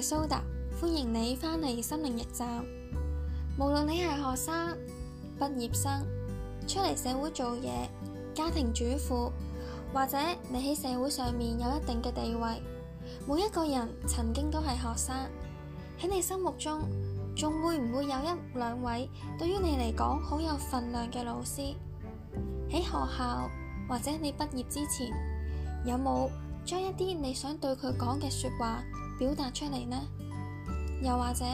蘇達歡迎你返嚟心靈驛站。無論你係學生、畢業生、出嚟社會做嘢、家庭主婦，或者你喺社會上面有一定嘅地位，每一個人曾經都係學生。喺你心目中，仲會唔會有一兩位對於你嚟講好有份量嘅老師？喺學校或者你畢業之前，有冇將一啲你想對佢講嘅說話？表達出嚟呢？又或者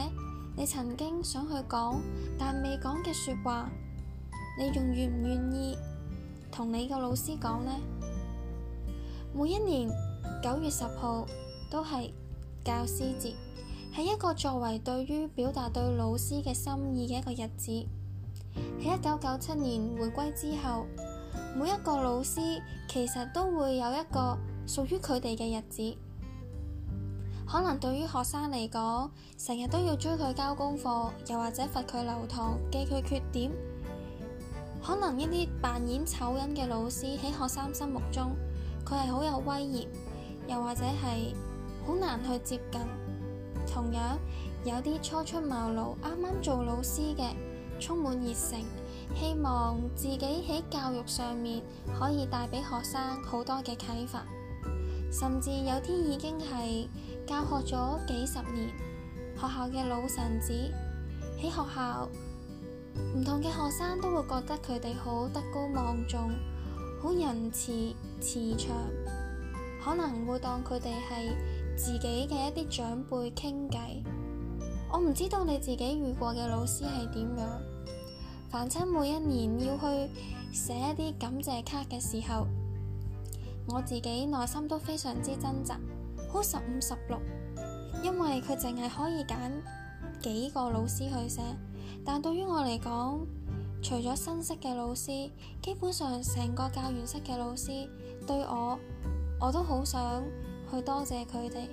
你曾經想去講但未講嘅說話，你仲願唔願意同你個老師講呢？每一年九月十號都係教師節，係一個作為對於表達對老師嘅心意嘅一個日子。喺一九九七年回歸之後，每一個老師其實都會有一個屬於佢哋嘅日子。可能對於學生嚟講，成日都要追佢交功課，又或者罰佢留堂、記佢缺點。可能一啲扮演醜人嘅老師喺學生心目中，佢係好有威嚴，又或者係好難去接近。同樣有啲初出茅廬、啱啱做老師嘅，充滿熱誠，希望自己喺教育上面可以帶俾學生好多嘅啟發，甚至有啲已經係教學咗幾十年，學校嘅老臣子喺學校唔同嘅學生都會覺得佢哋好德高望重，好仁慈慈祥，可能會當佢哋係自己嘅一啲長輩傾偈。我唔知道你自己遇過嘅老師係點樣。凡親每一年要去寫一啲感謝卡嘅時候，我自己內心都非常之掙扎。好十五十六，15, 16, 因為佢淨係可以揀幾個老師去寫，但對於我嚟講，除咗新識嘅老師，基本上成個教員室嘅老師對我，我都好想去多謝佢哋。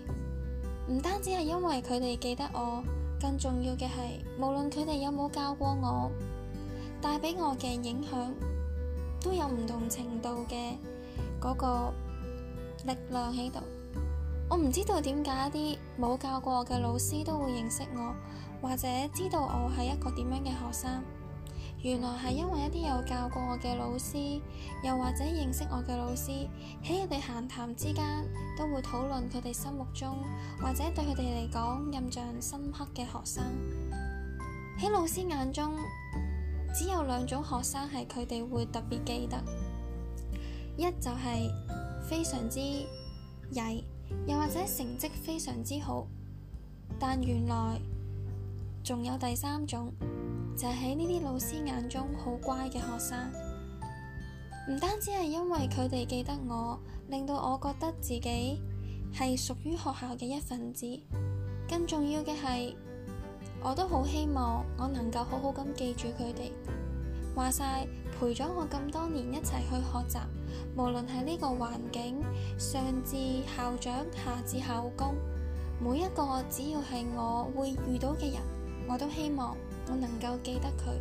唔單止係因為佢哋記得我，更重要嘅係，無論佢哋有冇教過我，帶俾我嘅影響都有唔同程度嘅嗰個力量喺度。我唔知道點解啲冇教過我嘅老師都會認識我，或者知道我係一個點樣嘅學生。原來係因為一啲有教過我嘅老師，又或者認識我嘅老師，喺佢哋閒談之間都會討論佢哋心目中或者對佢哋嚟講印象深刻嘅學生。喺老師眼中，只有兩種學生係佢哋會特別記得，一就係非常之曳。又或者成績非常之好，但原來仲有第三種，就係呢啲老師眼中好乖嘅學生。唔單止係因為佢哋記得我，令到我覺得自己係屬於學校嘅一份子，更重要嘅係，我都好希望我能夠好好咁記住佢哋。話晒陪咗我咁多年，一齊去學習，無論係呢個環境，上至校長，下至校工，每一個只要係我會遇到嘅人，我都希望我能夠記得佢，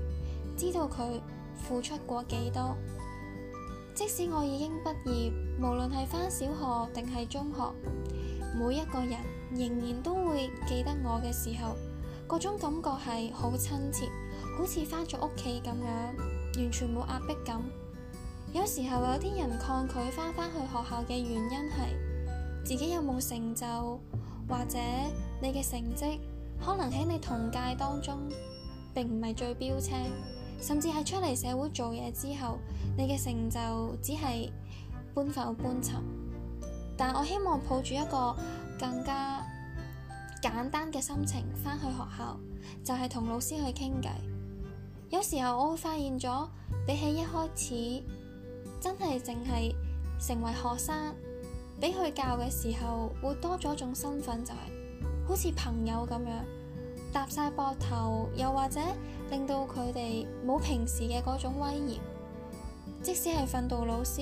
知道佢付出過幾多。即使我已經畢業，無論係返小學定係中學，每一個人仍然都會記得我嘅時候，嗰種感覺係好親切。好似翻咗屋企咁樣，完全冇壓迫感。有時候有啲人抗拒翻翻去學校嘅原因係自己有冇成就，或者你嘅成績可能喺你同屆當中並唔係最標青，甚至係出嚟社會做嘢之後，你嘅成就只係半浮半沉。但我希望抱住一個更加簡單嘅心情翻去學校，就係同老師去傾偈。有時候我會發現咗，比起一開始真係淨係成為學生俾佢教嘅時候，會多咗一種身份，就係好似朋友咁樣搭晒膊頭，又或者令到佢哋冇平時嘅嗰種威嚴。即使係訓導老師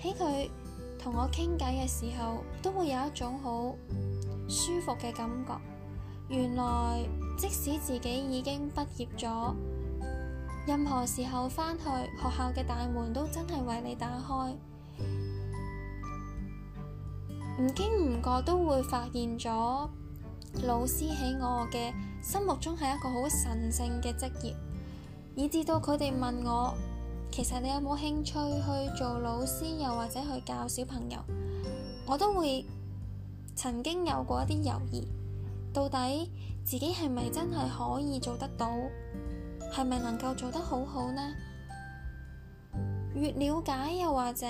喺佢同我傾偈嘅時候，都會有一種好舒服嘅感覺。原來即使自己已經畢業咗。任何時候返去學校嘅大門都真係為你打開，唔經唔覺都會發現咗老師喺我嘅心目中係一個好神聖嘅職業，以至到佢哋問我，其實你有冇興趣去做老師，又或者去教小朋友，我都會曾經有過一啲猶豫，到底自己係咪真係可以做得到？係咪能夠做得好好呢？越了解又或者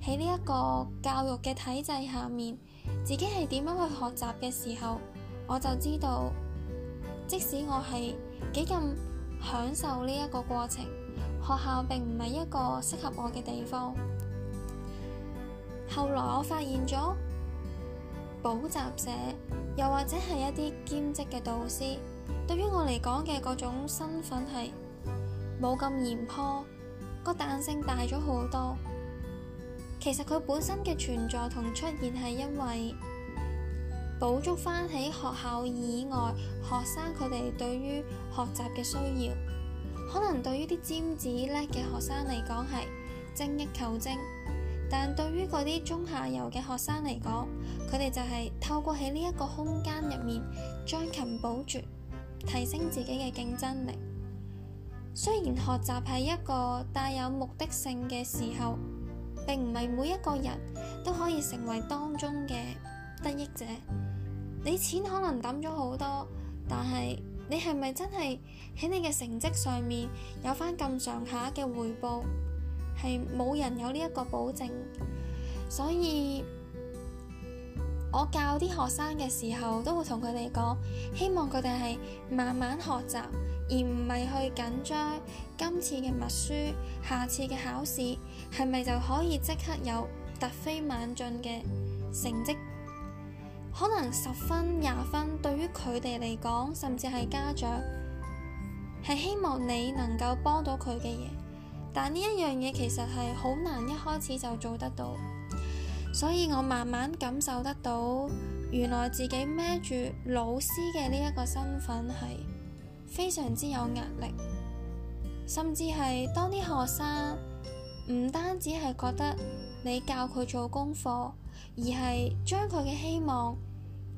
喺呢一個教育嘅體制下面，自己係點樣去學習嘅時候，我就知道，即使我係幾咁享受呢一個過程，學校並唔係一個適合我嘅地方。後來我發現咗補習社，又或者係一啲兼職嘅導師。對於我嚟講嘅嗰種身份係冇咁嚴苛，個彈性大咗好多。其實佢本身嘅存在同出現係因為補足翻喺學校以外學生佢哋對於學習嘅需要。可能對於啲尖子叻嘅學生嚟講係精益求精，但對於嗰啲中下游嘅學生嚟講，佢哋就係透過喺呢一個空間入面將勤補拙。提升自己嘅競爭力。雖然學習係一個帶有目的性嘅時候，並唔係每一個人都可以成為當中嘅得益者。你錢可能抌咗好多，但係你係咪真係喺你嘅成績上面有翻咁上下嘅回報？係冇人有呢一個保證，所以。我教啲學生嘅時候，都會同佢哋講，希望佢哋係慢慢學習，而唔係去緊張今次嘅默書，下次嘅考試係咪就可以即刻有突飛猛進嘅成績？可能十分廿分對於佢哋嚟講，甚至係家長係希望你能夠幫到佢嘅嘢，但呢一樣嘢其實係好難一開始就做得到。所以我慢慢感受得到，原來自己孭住老師嘅呢一個身份係非常之有壓力。甚至係當啲學生唔單止係覺得你教佢做功課，而係將佢嘅希望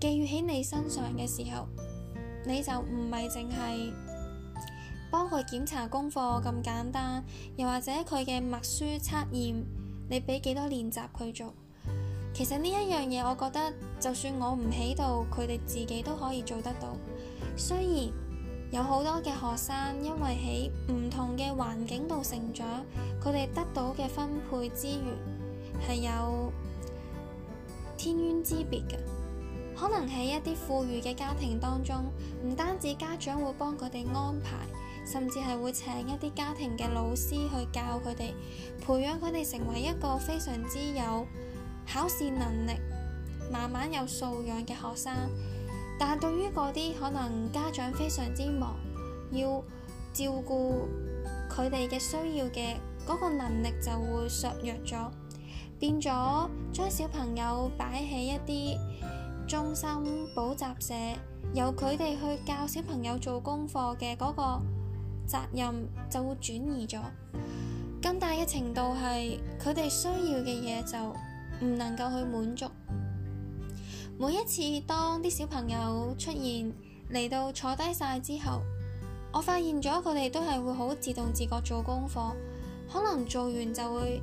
寄予喺你身上嘅時候，你就唔係淨係幫佢檢查功課咁簡單，又或者佢嘅默書測驗，你俾幾多練習佢做。其實呢一樣嘢，我覺得就算我唔喺度，佢哋自己都可以做得到。雖然有好多嘅學生因為喺唔同嘅環境度成長，佢哋得到嘅分配資源係有天淵之別嘅。可能喺一啲富裕嘅家庭當中，唔單止家長會幫佢哋安排，甚至係會請一啲家庭嘅老師去教佢哋，培養佢哋成為一個非常之有。考試能力慢慢有素養嘅學生，但係對於嗰啲可能家長非常之忙，要照顧佢哋嘅需要嘅嗰個能力就會削弱咗，變咗將小朋友擺喺一啲中心補習社，由佢哋去教小朋友做功課嘅嗰個責任就會轉移咗。更大嘅程度係，佢哋需要嘅嘢就。唔能夠去滿足。每一次當啲小朋友出現嚟到坐低晒之後，我發現咗佢哋都係會好自動自覺做功課，可能做完就會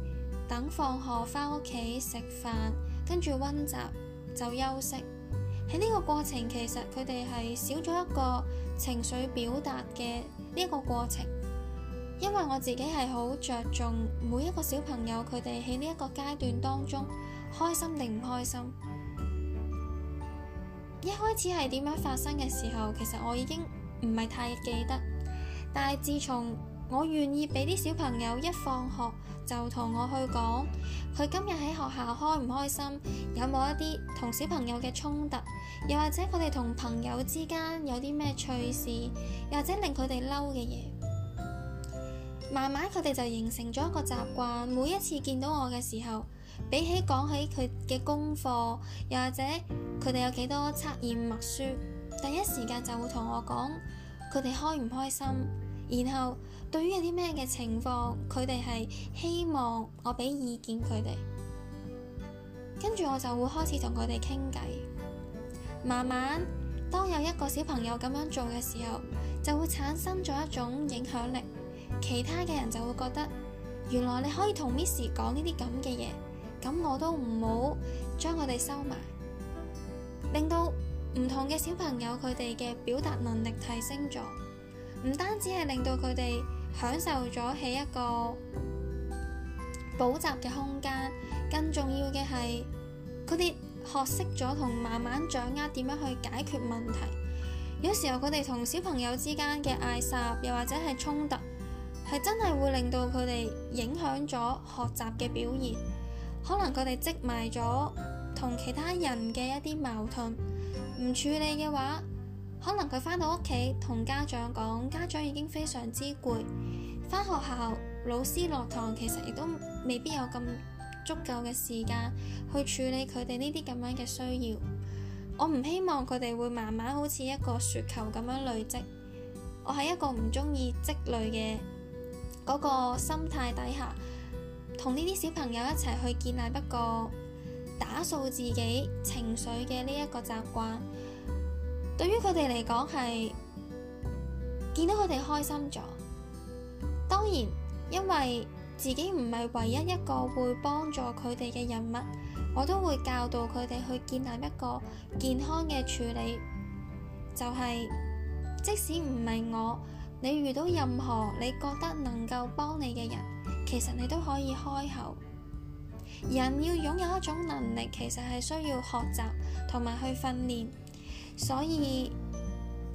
等放學返屋企食飯，跟住温習就休息。喺呢個過程其實佢哋係少咗一個情緒表達嘅呢一個過程，因為我自己係好着重每一個小朋友佢哋喺呢一個階段當中。開心定唔開心？一開始係點樣發生嘅時候，其實我已經唔係太記得。但係自從我願意畀啲小朋友一放學，就同我去講，佢今日喺學校開唔開心，有冇一啲同小朋友嘅衝突，又或者佢哋同朋友之間有啲咩趣事，又或者令佢哋嬲嘅嘢，慢慢佢哋就形成咗一個習慣。每一次見到我嘅時候。比起講起佢嘅功課，又或者佢哋有幾多測驗默書，第一時間就會同我講佢哋開唔開心。然後對於有啲咩嘅情況，佢哋係希望我畀意見佢哋。跟住我就會開始同佢哋傾偈。慢慢當有一個小朋友咁樣做嘅時候，就會產生咗一種影響力，其他嘅人就會覺得原來你可以同 Miss 講呢啲咁嘅嘢。咁我都唔好將佢哋收埋，令到唔同嘅小朋友佢哋嘅表達能力提升咗，唔單止係令到佢哋享受咗起一個補習嘅空間，更重要嘅係佢哋學識咗同慢慢掌握點樣去解決問題。有時候佢哋同小朋友之間嘅嗌霎又或者係衝突，係真係會令到佢哋影響咗學習嘅表現。可能佢哋積埋咗同其他人嘅一啲矛盾，唔處理嘅話，可能佢返到屋企同家長講，家長已經非常之攰。返學校老師落堂，其實亦都未必有咁足夠嘅時間去處理佢哋呢啲咁樣嘅需要。我唔希望佢哋會慢慢好似一個雪球咁樣累積。我係一個唔鍾意積累嘅嗰個心態底下。同呢啲小朋友一齊去建立一個打掃自己情緒嘅呢一個習慣，對於佢哋嚟講，係見到佢哋開心咗。當然，因為自己唔係唯一一個會幫助佢哋嘅人物，我都會教導佢哋去建立一個健康嘅處理。就係即使唔係我，你遇到任何你覺得能夠幫你嘅人。其實你都可以開口。人要擁有一種能力，其實係需要學習同埋去訓練，所以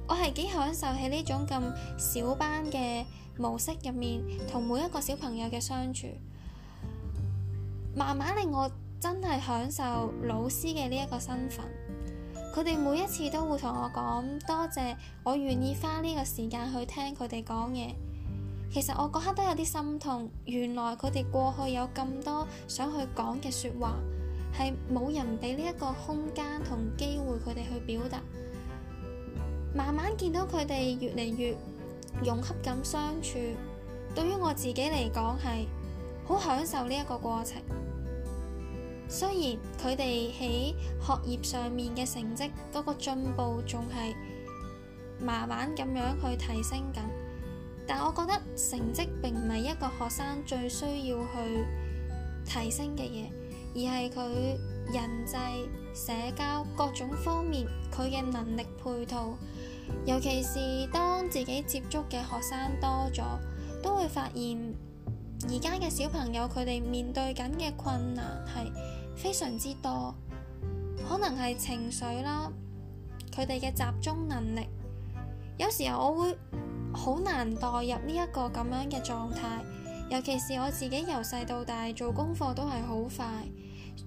我係幾享受喺呢種咁小班嘅模式入面，同每一個小朋友嘅相處，慢慢令我真係享受老師嘅呢一個身份。佢哋每一次都會同我講多謝我願意花呢個時間去聽佢哋講嘢。其實我嗰刻都有啲心痛，原來佢哋過去有咁多想去講嘅説話，係冇人俾呢一個空間同機會佢哋去表達。慢慢見到佢哋越嚟越融洽咁相處，對於我自己嚟講係好享受呢一個過程。雖然佢哋喺學業上面嘅成績嗰個進步仲係慢慢咁樣去提升緊。但我覺得成績並唔係一個學生最需要去提升嘅嘢，而係佢人際、社交各種方面佢嘅能力配套。尤其是當自己接觸嘅學生多咗，都會發現而家嘅小朋友佢哋面對緊嘅困難係非常之多，可能係情緒啦，佢哋嘅集中能力。有時候我會好難代入呢一個咁樣嘅狀態，尤其是我自己由細到大做功課都係好快，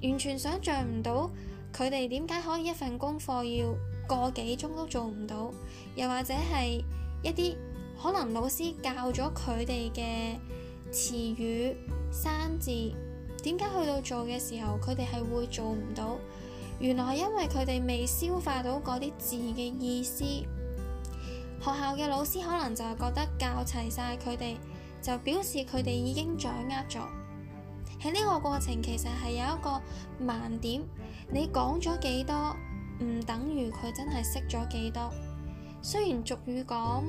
完全想像唔到佢哋點解可以一份功課要個幾鐘都做唔到，又或者係一啲可能老師教咗佢哋嘅詞語生字，點解去到做嘅時候佢哋係會做唔到？原來係因為佢哋未消化到嗰啲字嘅意思。學校嘅老師可能就覺得教齊晒佢哋就表示佢哋已經掌握咗喺呢個過程。其實係有一個盲點，你講咗幾多唔等於佢真係識咗幾多。雖然俗語講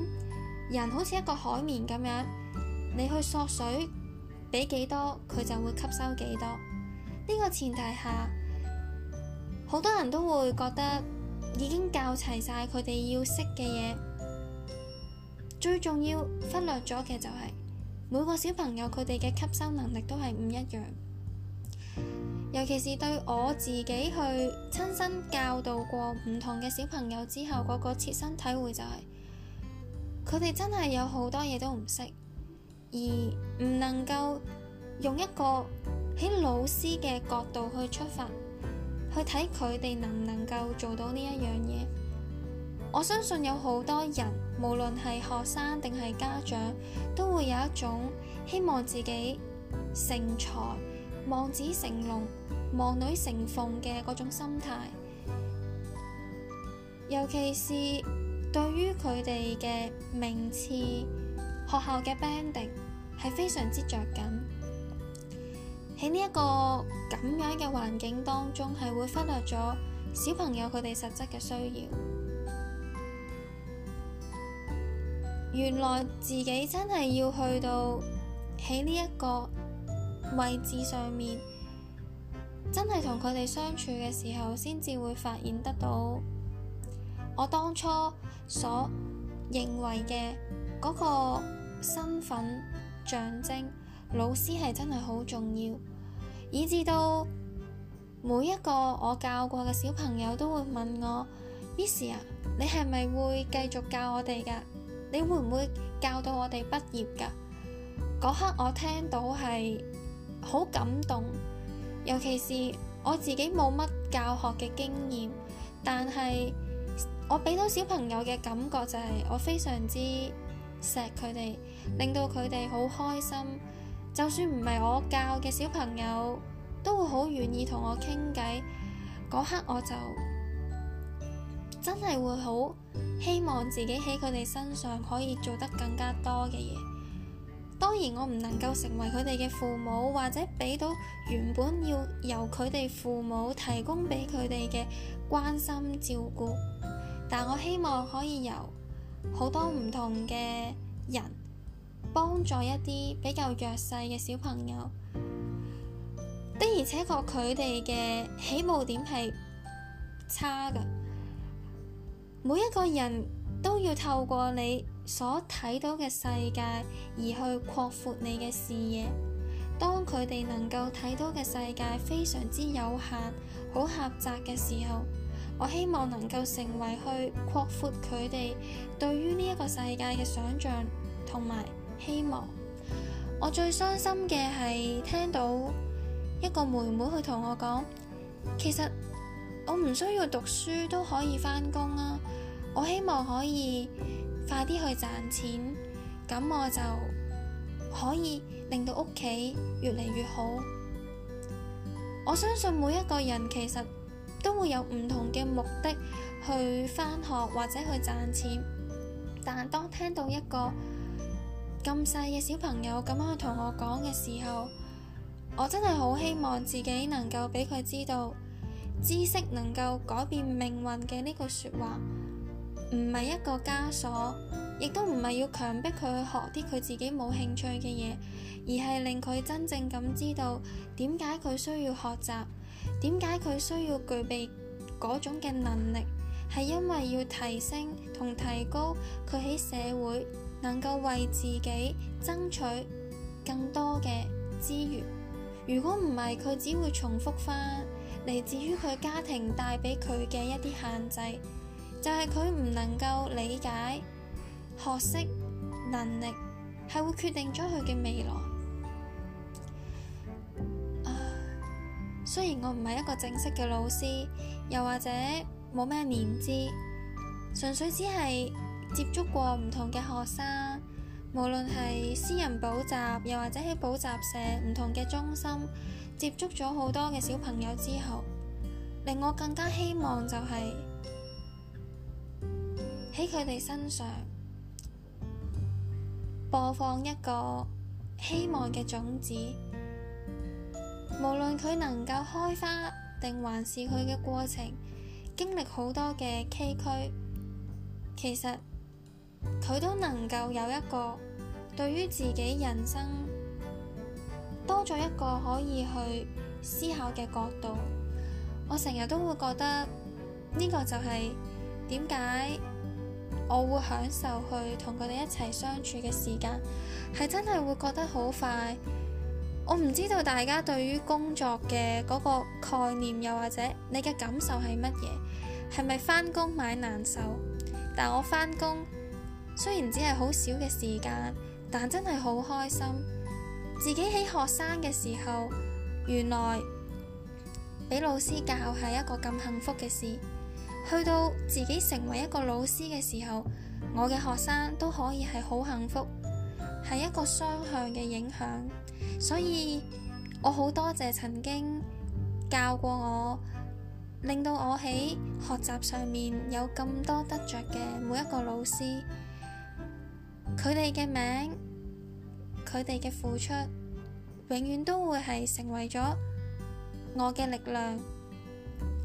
人好似一個海綿咁樣，你去索水俾幾多，佢就會吸收幾多。呢個前提下，好多人都會覺得已經教齊晒佢哋要識嘅嘢。最重要忽略咗嘅就係每個小朋友佢哋嘅吸收能力都係唔一樣，尤其是對我自己去親身教導過唔同嘅小朋友之後嗰個切身體會就係佢哋真係有好多嘢都唔識，而唔能夠用一個喺老師嘅角度去出發去睇佢哋能唔能夠做到呢一樣嘢。我相信有好多人。無論係學生定係家長，都會有一種希望自己成才，望子成龍、望女成鳳嘅嗰種心態。尤其是對於佢哋嘅名次、學校嘅 banding，係非常之着緊。喺呢一個咁樣嘅環境當中，係會忽略咗小朋友佢哋實質嘅需要。原來自己真係要去到喺呢一個位置上面，真係同佢哋相處嘅時候，先至會發現得到我當初所認為嘅嗰個身份象徵，老師係真係好重要，以至到每一個我教過嘅小朋友都會問我 Miss 啊，i，你係咪會繼續教我哋噶？你會唔會教到我哋畢業㗎？嗰刻我聽到係好感動，尤其是我自己冇乜教學嘅經驗，但係我俾到小朋友嘅感覺就係我非常之錫佢哋，令到佢哋好開心。就算唔係我教嘅小朋友，都會好願意同我傾偈。嗰刻我就真係會好。希望自己喺佢哋身上可以做得更加多嘅嘢。當然我唔能夠成為佢哋嘅父母，或者俾到原本要由佢哋父母提供俾佢哋嘅關心照顧。但我希望可以由好多唔同嘅人幫助一啲比較弱勢嘅小朋友。的而且確佢哋嘅起步點係差㗎。每一個人都要透過你所睇到嘅世界而去擴闊你嘅視野。當佢哋能夠睇到嘅世界非常之有限，好狹窄嘅時候，我希望能夠成為去擴闊佢哋對於呢一個世界嘅想象同埋希望。我最傷心嘅係聽到一個妹妹去同我講，其實。我唔需要讀書都可以翻工啊！我希望可以快啲去賺錢，咁我就可以令到屋企越嚟越好。我相信每一個人其實都會有唔同嘅目的去翻學或者去賺錢，但當聽到一個咁細嘅小朋友咁樣去同我講嘅時候，我真係好希望自己能夠俾佢知道。知識能夠改變命運嘅呢句説話，唔係一個枷鎖，亦都唔係要強迫佢去學啲佢自己冇興趣嘅嘢，而係令佢真正咁知道點解佢需要學習，點解佢需要具備嗰種嘅能力，係因為要提升同提高佢喺社會能夠為自己爭取更多嘅資源。如果唔係，佢只會重複翻。嚟自於佢家庭帶俾佢嘅一啲限制，就係佢唔能夠理解，學識能力係會決定咗佢嘅未來。唉、uh，雖然我唔係一個正式嘅老師，又或者冇咩年資，純粹只係接觸過唔同嘅學生，無論係私人補習，又或者喺補習社唔同嘅中心。接觸咗好多嘅小朋友之後，令我更加希望就係喺佢哋身上播放一個希望嘅種子。無論佢能夠開花，定還是佢嘅過程經歷好多嘅崎嶇，其實佢都能夠有一個對於自己人生。多咗一個可以去思考嘅角度，我成日都會覺得呢個就係點解我會享受去同佢哋一齊相處嘅時間，係真係會覺得好快。我唔知道大家對於工作嘅嗰個概念，又或者你嘅感受係乜嘢，係咪返工買難受？但我返工雖然只係好少嘅時間，但真係好開心。自己喺學生嘅時候，原來俾老師教係一個咁幸福嘅事。去到自己成為一個老師嘅時候，我嘅學生都可以係好幸福，係一個雙向嘅影響。所以我好多謝曾經教過我，令到我喺學習上面有咁多得着嘅每一個老師，佢哋嘅名。佢哋嘅付出永遠都會係成為咗我嘅力量，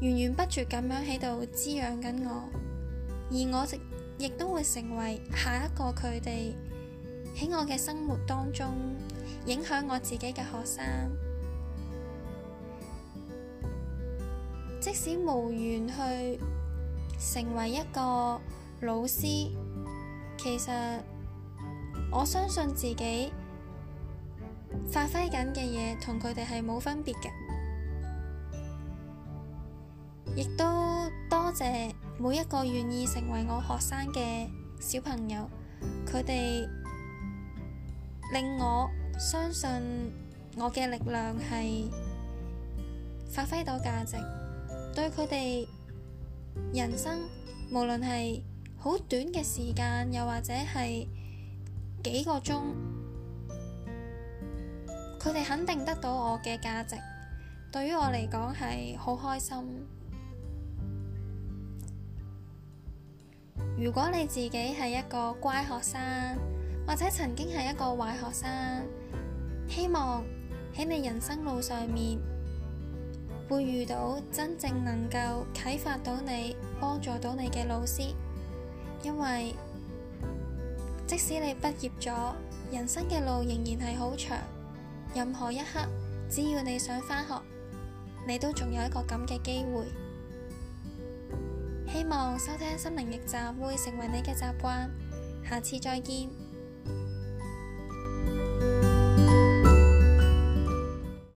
源源不絕咁樣喺度滋養緊我，而我亦都會成為下一個佢哋喺我嘅生活當中影響我自己嘅學生。即使無緣去成為一個老師，其實我相信自己。發揮緊嘅嘢同佢哋係冇分別嘅，亦都多謝每一個願意成為我學生嘅小朋友，佢哋令我相信我嘅力量係發揮到價值，對佢哋人生，無論係好短嘅時間，又或者係幾個鐘。佢哋肯定得到我嘅價值，對於我嚟講係好開心。如果你自己係一個乖學生，或者曾經係一個壞學生，希望喺你人生路上面會遇到真正能夠啟發到你、幫助到你嘅老師，因為即使你畢業咗，人生嘅路仍然係好長。任何一刻，只要你想返學，你都仲有一個咁嘅機會。希望收聽心靈驛站會成為你嘅習慣。下次再見。